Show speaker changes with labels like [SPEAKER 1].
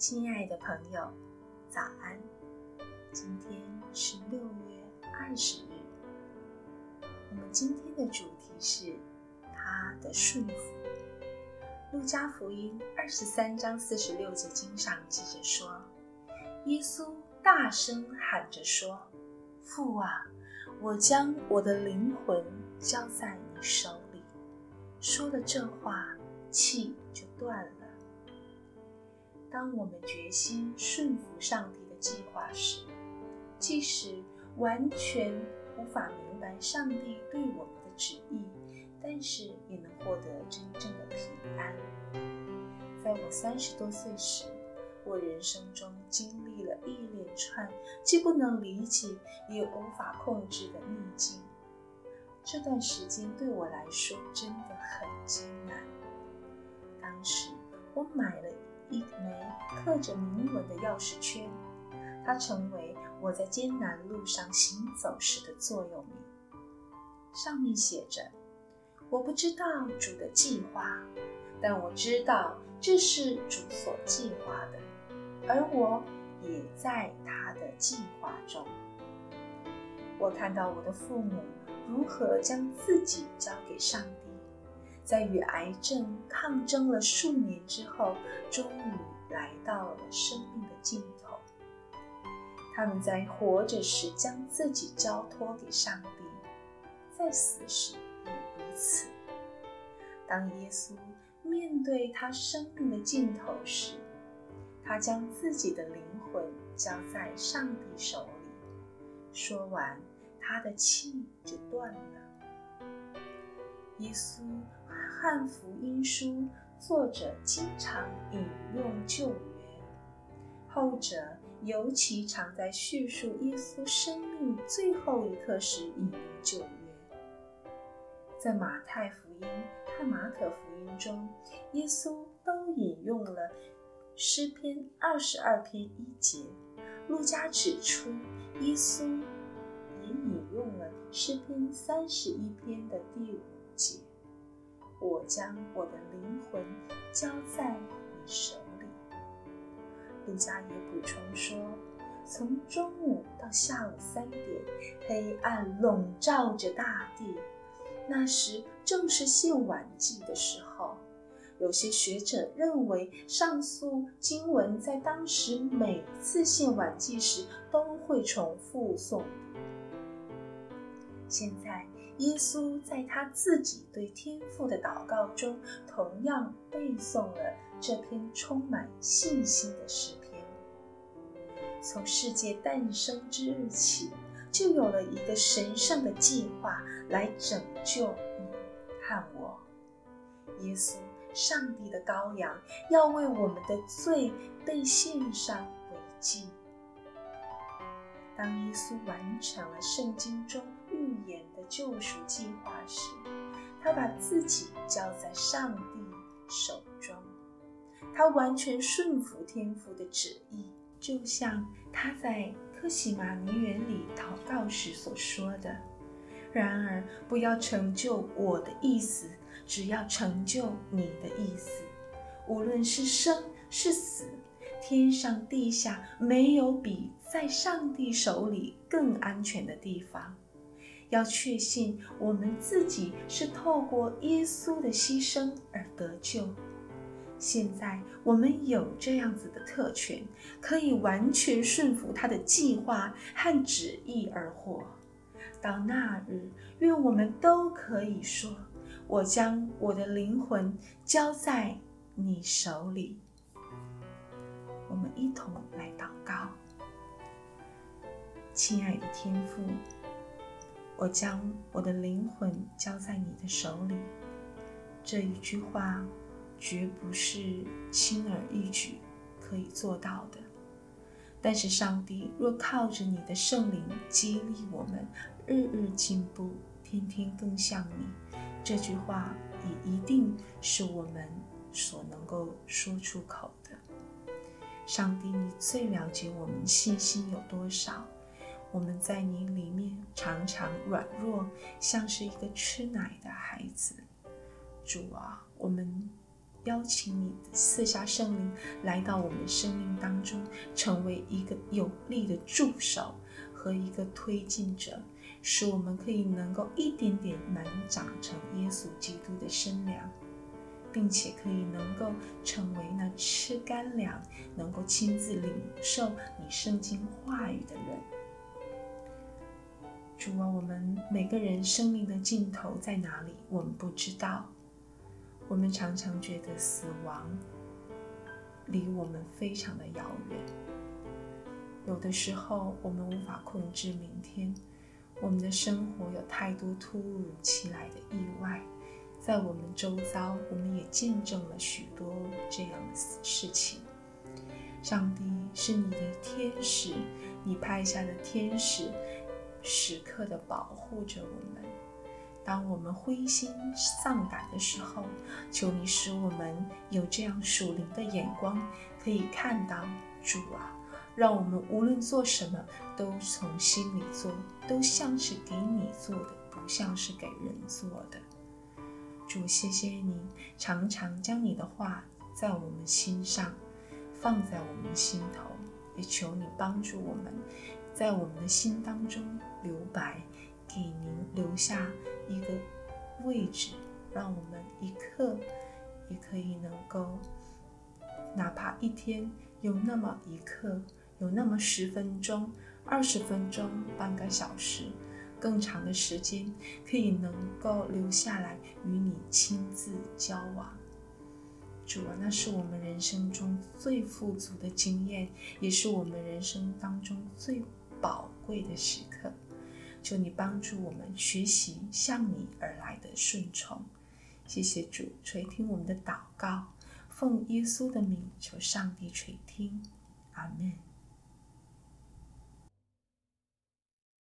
[SPEAKER 1] 親愛的朋友，早安！今天是六月二十日。我們今天的主題是他的順服。路加福音二十三章四十六節經上記着說：“耶穌大聲喊着說，父啊，我將我的靈魂交在你手裡。”說了這話，氣就斷了。當我們決心順服上帝的計劃時，即使完全無法明白上帝對我們的旨意，但是也能獲得真正的平安。在我三十多歲時，我人生中經歷了一連串既不能理解也無法控制的逆境。這段時間對我來說真的很艱難。當時我買了，一枚刻着銘文的鑰匙圈，它成為我在艱難路上行走時的座右銘。上面寫着：“我不知道主的計劃，但我知道這是主所計劃的，而我也在他的計劃中。”我看到我的父母如何將自己交給上帝。在與癌症抗爭了數年之後，終於來到了生命的盡頭。他們在活着時將自己交託給上帝，在死時也如此。當耶穌面對他生命的盡頭時，他將自己的靈魂交在上帝手裡。說完，他的氣就斷了。耶穌。翰福音書作者經常引用舊約，後者尤其常在敘述耶穌生命最後一刻時引用舊約。在《馬太福音》和《馬可福音》中，耶穌都引用了詩篇二十二篇一節。路加指出，耶穌也引用了詩篇三十一篇的第五節。我將我的靈魂交在你手裡。”路加也補充說：“從中午到下午三點，黑暗籠罩着大地，那時正是獻晚祭的時候。有些學者認為，上述經文在當時每次獻晚祭時都會重複誦讀。現在。”耶穌在他自己對天父的禱告中，同樣背誦了這篇充滿信心的詩篇。從世界誕生之日起，就有了一個神聖的計劃來拯救你和我。耶穌，上帝的羔羊，要為我們的罪被獻上為祭。當耶穌完成了聖經中預言的救贖計劃時，他把自己交在上帝手中，他完全順服天父的旨意，就像他在客西馬尼園裡禱告時所說的：“然而，不要成就我的意思，只要成就你的意思。無論是生是死，天上地下沒有比在上帝手裡更安全的地方。”要確信我們自己是透過耶穌的犧牲，而得救。現在我們有這樣子的特權，可以完全順服他的計劃和旨意而活。到那日，願我們都可以說：“我將我的靈魂交在你手裡。”我們一同來禱告，親愛的天父。我將我的靈魂交在你的手裡，這一句話絕不是輕而易舉可以做到的。但是，上帝若靠着你的聖靈激勵我們，日日進步，天天更像你，這句話也一定是我們所能夠說出口的。上帝，你最了解我們信心有多少。我們在你裡面常常軟弱，像是一個吃奶的孩子。主啊，我們邀請你的賜下聖靈來到我們生命當中，成為一個有力的助手和一個推進者，使我們可以能夠一點點能長成耶穌基督的身量，並且可以能夠成為那吃乾糧、能夠親自領受你聖經話語的人。主啊，我們每個人生命的盡頭在哪裡，我們不知道。我們常常覺得死亡離我們非常的遙遠。有的時候，我們無法控制明天。我們的生活有太多突如其來的意外，在我們周遭，我們也見證了許多這樣的事情。上帝是你的天使，你派下的天使。時刻的保護着我們。當我們灰心喪膽的時候，求你使我們有這樣屬靈的眼光，可以看到。主啊，讓我們無論做什麼，都從心裡做，都像是給你做的，不像是給人做的。主，謝謝你常常將你的話在我們心上，放在我們心頭，也求你幫助我們。在我們的心當中留白，給您留下一個位置，讓我們一刻也可以能夠，哪怕一天有那麼一刻，有那麼十分鐘、二十分鐘、半個小時，更長的時間可以能夠留下來與你親自交往。主啊，那是我們人生中最富足的經驗，也是我們人生當中最寶貴的時刻，求你幫助我們學習向你而來的順從。謝謝主垂聽我們的禱告，奉耶穌的名求上帝垂聽，阿門。